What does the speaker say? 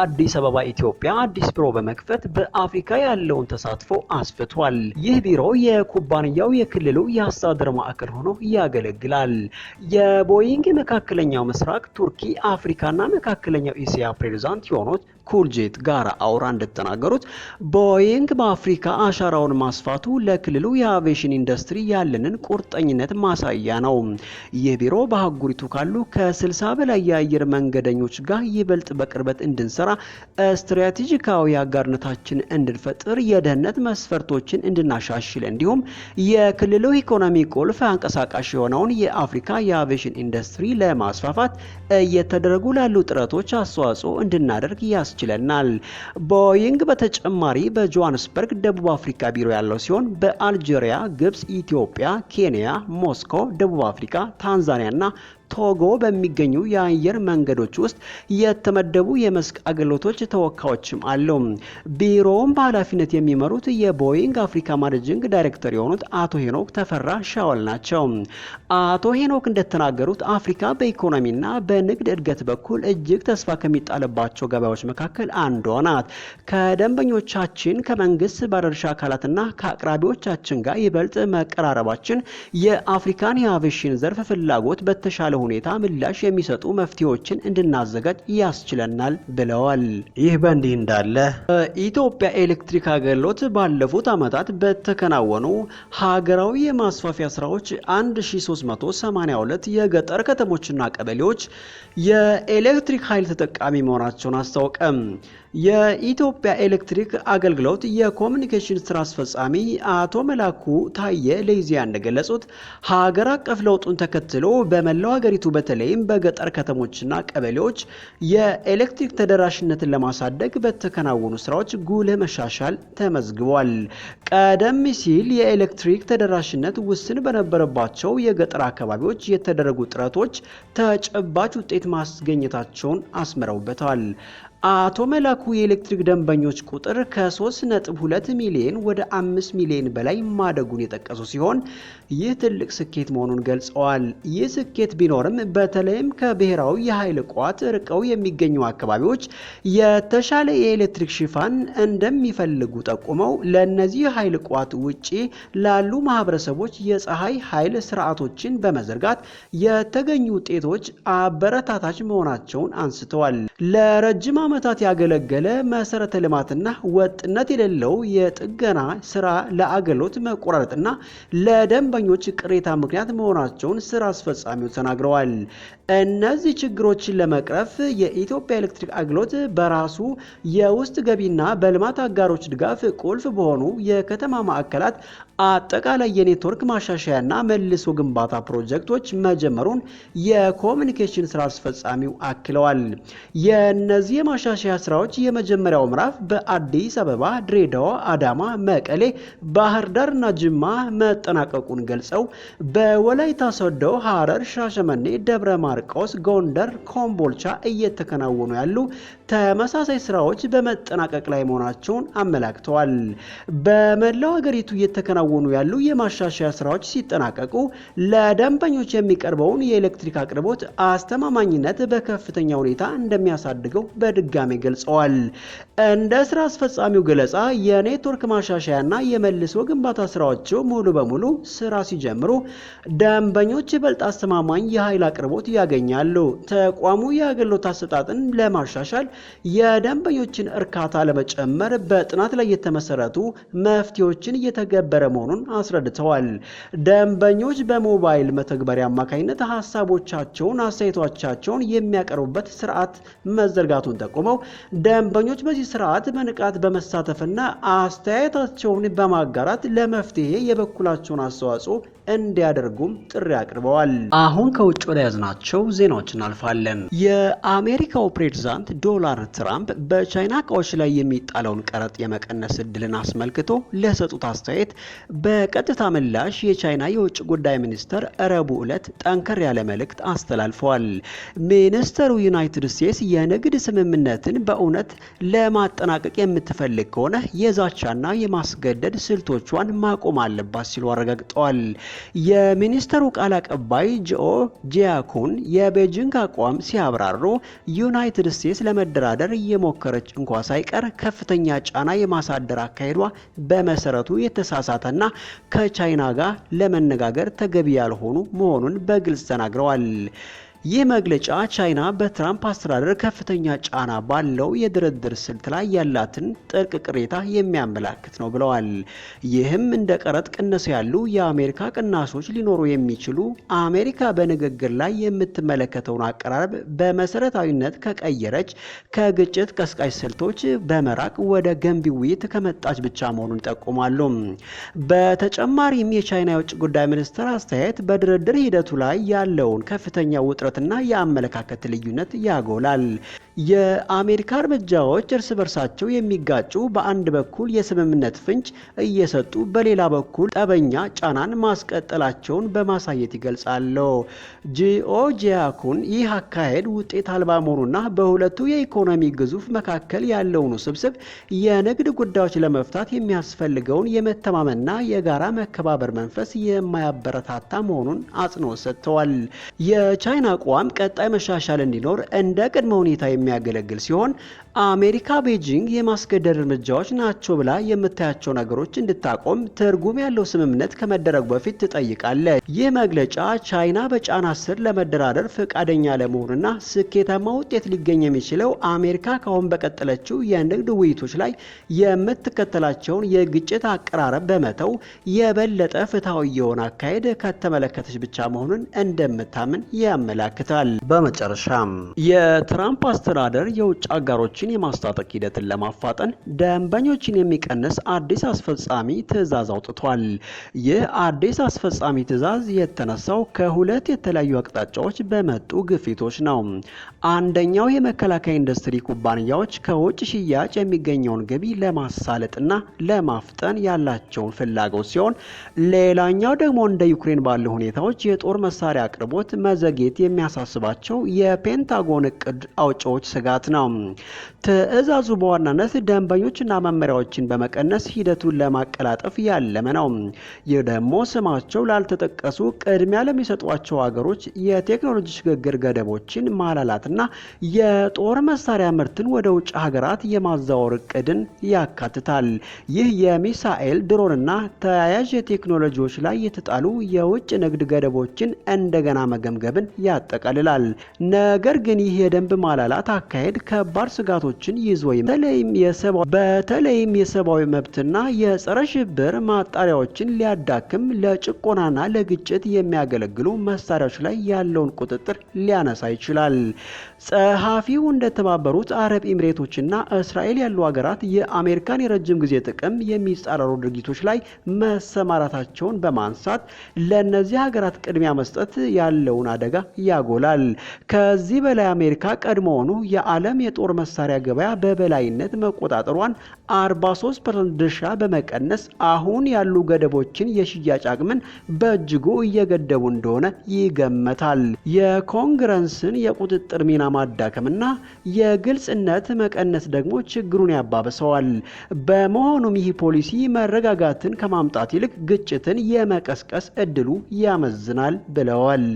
በአዲስ አበባ ኢትዮጵያ አዲስ ቢሮ በመክፈት በአፍሪካ ያለውን ተሳትፎ አስፍቷል። ይህ ቢሮ የኩባንያው የክልሉ የአስተዳደር ማዕከል ሆኖ ያገለግላል። የቦይንግ መካከለኛው ምስራቅ ቱርኪ፣ አፍሪካና መካከለኛው ኢሲያ ፕሬዝዳንት የሆኑት ኩልጄት ጋር አውራ እንደተናገሩት ቦይንግ በአፍሪካ አሻራውን ማስፋቱ ለክልሉ የአቬሽን ኢንዱስትሪ ያለንን ቁርጠኝነት ማሳያ ነው። ይህ ቢሮ በአህጉሪቱ ካሉ ከ60 በላይ የአየር መንገደኞች ጋር ይበልጥ በቅርበት እንድንሰራ፣ ስትራቴጂካዊ አጋርነታችን እንድንፈጥር፣ የደህንነት መስፈርቶችን እንድናሻሽል እንዲሁም የክልሉ ኢኮኖሚ ቁልፍ አንቀሳቃሽ የሆነውን የአፍሪካ የአቬሽን ኢንዱስትሪ ለማስፋፋት እየተደረጉ ላሉ ጥረቶች አስተዋጽኦ እንድናደርግ ያስችላል ችለናል። ቦይንግ በተጨማሪ በጆሃንስበርግ ደቡብ አፍሪካ ቢሮ ያለው ሲሆን በአልጄሪያ፣ ግብጽ፣ ኢትዮጵያ፣ ኬንያ፣ ሞስኮ፣ ደቡብ አፍሪካ፣ ታንዛኒያ እና ቶጎ በሚገኙ የአየር መንገዶች ውስጥ የተመደቡ የመስክ አገልግሎቶች ተወካዮችም አለው። ቢሮውም በኃላፊነት የሚመሩት የቦይንግ አፍሪካ ማኔጅንግ ዳይሬክተር የሆኑት አቶ ሄኖክ ተፈራ ሻወል ናቸው። አቶ ሄኖክ እንደተናገሩት አፍሪካ በኢኮኖሚና በንግድ እድገት በኩል እጅግ ተስፋ ከሚጣልባቸው ገበያዎች መካከል አንዷ ናት። ከደንበኞቻችን ከመንግስት ባለድርሻ አካላትና ከአቅራቢዎቻችን ጋር ይበልጥ መቀራረባችን የአፍሪካን የአቬሽን ዘርፍ ፍላጎት በተሻለ ሁኔታ ምላሽ የሚሰጡ መፍትሄዎችን እንድናዘጋጅ ያስችለናል ብለዋል። ይህ በእንዲህ እንዳለ በኢትዮጵያ ኤሌክትሪክ አገልግሎት ባለፉት ዓመታት በተከናወኑ ሀገራዊ የማስፋፊያ ስራዎች 1382 የገጠር ከተሞችና ቀበሌዎች የኤሌክትሪክ ኃይል ተጠቃሚ መሆናቸውን አስታወቀም። የኢትዮጵያ ኤሌክትሪክ አገልግሎት የኮሚኒኬሽን ስራ አስፈጻሚ አቶ መላኩ ታዬ ለኢዜአ እንደገለጹት ሀገር አቀፍ ለውጡን ተከትሎ በመላው በሀገሪቱ በተለይም በገጠር ከተሞችና ቀበሌዎች የኤሌክትሪክ ተደራሽነትን ለማሳደግ በተከናወኑ ስራዎች ጉልህ መሻሻል ተመዝግቧል። ቀደም ሲል የኤሌክትሪክ ተደራሽነት ውስን በነበረባቸው የገጠር አካባቢዎች የተደረጉ ጥረቶች ተጨባጭ ውጤት ማስገኘታቸውን አስምረውበታል። አቶ መላኩ የኤሌክትሪክ ደንበኞች ቁጥር ከ3.2 ሚሊዮን ወደ 5 ሚሊዮን በላይ ማደጉን የጠቀሱ ሲሆን ይህ ትልቅ ስኬት መሆኑን ገልጸዋል። ይህ ስኬት ቢኖርም በተለይም ከብሔራዊ የኃይል ቋት ርቀው የሚገኙ አካባቢዎች የተሻለ የኤሌክትሪክ ሽፋን እንደሚፈልጉ ጠቁመው ለእነዚህ ኃይል ቋት ውጪ ላሉ ማህበረሰቦች የፀሐይ ኃይል ስርዓቶችን በመዘርጋት የተገኙ ውጤቶች አበረታታች መሆናቸውን አንስተዋል። ለረጅም ዓመታት ያገለገለ መሰረተ ልማትና ወጥነት የሌለው የጥገና ስራ ለአገልግሎት መቆራረጥና ለደንበኞች ቅሬታ ምክንያት መሆናቸውን ስራ አስፈጻሚው ተናግረዋል። እነዚህ ችግሮችን ለመቅረፍ የኢትዮጵያ ኤሌክትሪክ አገልግሎት በራሱ የውስጥ ገቢና በልማት አጋሮች ድጋፍ ቁልፍ በሆኑ የከተማ ማዕከላት አጠቃላይ የኔትወርክ ማሻሻያና መልሶ ግንባታ ፕሮጀክቶች መጀመሩን የኮሚኒኬሽን ስራ አስፈጻሚው አክለዋል። የእነዚህ የማሻሻያ ስራዎች የመጀመሪያው ምዕራፍ በአዲስ አበባ፣ ድሬዳዋ፣ አዳማ፣ መቀሌ፣ ባህር ዳርና ጅማ መጠናቀቁን ገልጸው በወላይታ ሶዶ፣ ሐረር፣ ሻሸመኔ፣ ደብረ ማርያም ማርቆስ፣ ጎንደር፣ ኮምቦልቻ እየተከናወኑ ያሉ ተመሳሳይ ስራዎች በመጠናቀቅ ላይ መሆናቸውን አመላክተዋል። በመላው ሀገሪቱ እየተከናወኑ ያሉ የማሻሻያ ስራዎች ሲጠናቀቁ ለደንበኞች የሚቀርበውን የኤሌክትሪክ አቅርቦት አስተማማኝነት በከፍተኛ ሁኔታ እንደሚያሳድገው በድጋሜ ገልጸዋል። እንደ ስራ አስፈጻሚው ገለጻ የኔትወርክ ማሻሻያና የመልሶ ግንባታ ስራዎችው ሙሉ በሙሉ ስራ ሲጀምሩ ደንበኞች ይበልጥ አስተማማኝ የኃይል አቅርቦት ያገኛሉ። ተቋሙ የአገልግሎት አሰጣጥን ለማሻሻል የደንበኞችን እርካታ ለመጨመር በጥናት ላይ የተመሰረቱ መፍትሄዎችን እየተገበረ መሆኑን አስረድተዋል። ደንበኞች በሞባይል መተግበሪያ አማካኝነት ሀሳቦቻቸውን፣ አስተያየቶቻቸውን የሚያቀርቡበት ስርዓት መዘርጋቱን ጠቁመው ደንበኞች በዚህ ስርዓት በንቃት በመሳተፍና አስተያየታቸውን በማጋራት ለመፍትሄ የበኩላቸውን አስተዋጽኦ እንዲያደርጉም ጥሪ አቅርበዋል። አሁን ከውጭ ወደ ያዝናቸው ዜናዎች እናልፋለን። የአሜሪካው ፕሬዚዳንት ዶናልድ ትራምፕ በቻይና እቃዎች ላይ የሚጣለውን ቀረጥ የመቀነስ እድልን አስመልክቶ ለሰጡት አስተያየት በቀጥታ ምላሽ የቻይና የውጭ ጉዳይ ሚኒስተር ረቡ ዕለት ጠንከር ያለ መልእክት አስተላልፈዋል። ሚኒስተሩ ዩናይትድ ስቴትስ የንግድ ስምምነትን በእውነት ለማጠናቀቅ የምትፈልግ ከሆነ የዛቻና የማስገደድ ስልቶቿን ማቆም አለባት ሲሉ አረጋግጠዋል። የሚኒስተሩ ቃል አቀባይ ጆ ጂያኩን የቤጂንግ አቋም ሲያብራሩ ዩናይትድ ስቴትስ ለመደራደር እየሞከረች እንኳ ሳይቀር ከፍተኛ ጫና የማሳደር አካሄዷ በመሰረቱ የተሳሳተና ከቻይና ጋር ለመነጋገር ተገቢ ያልሆኑ መሆኑን በግልጽ ተናግረዋል። ይህ መግለጫ ቻይና በትራምፕ አስተዳደር ከፍተኛ ጫና ባለው የድርድር ስልት ላይ ያላትን ጥልቅ ቅሬታ የሚያመላክት ነው ብለዋል። ይህም እንደ ቀረጥ ቅነሳ ያሉ የአሜሪካ ቅናሶች ሊኖሩ የሚችሉ አሜሪካ በንግግር ላይ የምትመለከተውን አቀራረብ በመሰረታዊነት ከቀየረች ከግጭት ቀስቃሽ ስልቶች በመራቅ ወደ ገንቢ ውይይት ከመጣች ብቻ መሆኑን ይጠቁማሉ። በተጨማሪም የቻይና የውጭ ጉዳይ ሚኒስትር አስተያየት በድርድር ሂደቱ ላይ ያለውን ከፍተኛ ውጥረት ትኩረትና የአመለካከት ልዩነት ያጎላል። የአሜሪካ እርምጃዎች እርስ በርሳቸው የሚጋጩ በአንድ በኩል የስምምነት ፍንጭ እየሰጡ በሌላ በኩል ጠበኛ ጫናን ማስቀጠላቸውን በማሳየት ይገልጻሉ። ጂኦጂያኩን ይህ አካሄድ ውጤት አልባ መሆኑና በሁለቱ የኢኮኖሚ ግዙፍ መካከል ያለውን ውስብስብ የንግድ ጉዳዮች ለመፍታት የሚያስፈልገውን የመተማመንና የጋራ መከባበር መንፈስ የማያበረታታ መሆኑን አጽንኦት ሰጥተዋል። የቻይና አቋም ቀጣይ መሻሻል እንዲኖር እንደ ቅድመ ሁኔታ የሚያገለግል ሲሆን አሜሪካ ቤጂንግ የማስገደድ እርምጃዎች ናቸው ብላ የምታያቸው ነገሮች እንድታቆም ትርጉም ያለው ስምምነት ከመደረጉ በፊት ትጠይቃለች። ይህ መግለጫ ቻይና በጫና ስር ለመደራደር ፈቃደኛ ለመሆኑና ስኬታማ ውጤት ሊገኝ የሚችለው አሜሪካ ካሁን በቀጠለችው የንግድ ውይይቶች ላይ የምትከተላቸውን የግጭት አቀራረብ በመተው የበለጠ ፍትሐዊ የሆነ አካሄድ ከተመለከተች ብቻ መሆኑን እንደምታምን ያመላክታል። በመጨረሻም የትራምፕ አስተዳደር የውጭ አጋሮች ደንበኞችን የማስታጠቅ ሂደትን ለማፋጠን ደንበኞችን የሚቀንስ አዲስ አስፈጻሚ ትዕዛዝ አውጥቷል። ይህ አዲስ አስፈጻሚ ትዕዛዝ የተነሳው ከሁለት የተለያዩ አቅጣጫዎች በመጡ ግፊቶች ነው። አንደኛው የመከላከያ ኢንዱስትሪ ኩባንያዎች ከውጭ ሽያጭ የሚገኘውን ገቢ ለማሳለጥና ለማፍጠን ያላቸውን ፍላጎት ሲሆን ሌላኛው ደግሞ እንደ ዩክሬን ባሉ ሁኔታዎች የጦር መሳሪያ አቅርቦት መዘግየት የሚያሳስባቸው የፔንታጎን እቅድ አውጪዎች ስጋት ነው። ትዕዛዙ በዋናነት ደንበኞችና መመሪያዎችን በመቀነስ ሂደቱን ለማቀላጠፍ ያለመ ነው። ይህ ደግሞ ስማቸው ላልተጠቀሱ ቅድሚያ ለሚሰጧቸው ሀገሮች የቴክኖሎጂ ሽግግር ገደቦችን ማላላትና የጦር መሳሪያ ምርትን ወደ ውጭ ሀገራት የማዛወር እቅድን ያካትታል። ይህ የሚሳኤል ድሮንና ተያያዥ የቴክኖሎጂዎች ላይ የተጣሉ የውጭ ንግድ ገደቦችን እንደገና መገምገምን ያጠቃልላል። ነገር ግን ይህ የደንብ ማላላት አካሄድ ከባድ ስጋቶች መብቶችን ይዞ በተለይም የሰብአዊ መብትና የጸረ ሽብር ማጣሪያዎችን ሊያዳክም ለጭቆናና ለግጭት የሚያገለግሉ መሳሪያዎች ላይ ያለውን ቁጥጥር ሊያነሳ ይችላል። ጸሐፊው እንደተባበሩት አረብ ኤሚሬቶችና እስራኤል ያሉ ሀገራት የአሜሪካን የረጅም ጊዜ ጥቅም የሚጻረሩ ድርጊቶች ላይ መሰማራታቸውን በማንሳት ለእነዚህ ሀገራት ቅድሚያ መስጠት ያለውን አደጋ ያጎላል። ከዚህ በላይ አሜሪካ ቀድሞውኑ የዓለም የጦር መሳሪያ ገበያ በበላይነት መቆጣጠሯን 43% ድርሻ በመቀነስ አሁን ያሉ ገደቦችን የሽያጭ አቅምን በእጅጉ እየገደቡ እንደሆነ ይገመታል። የኮንግረስን የቁጥጥር ሚና ማዳከምና የግልጽነት መቀነስ ደግሞ ችግሩን ያባብሰዋል። በመሆኑም ይህ ፖሊሲ መረጋጋትን ከማምጣት ይልቅ ግጭትን የመቀስቀስ እድሉ ያመዝናል ብለዋል።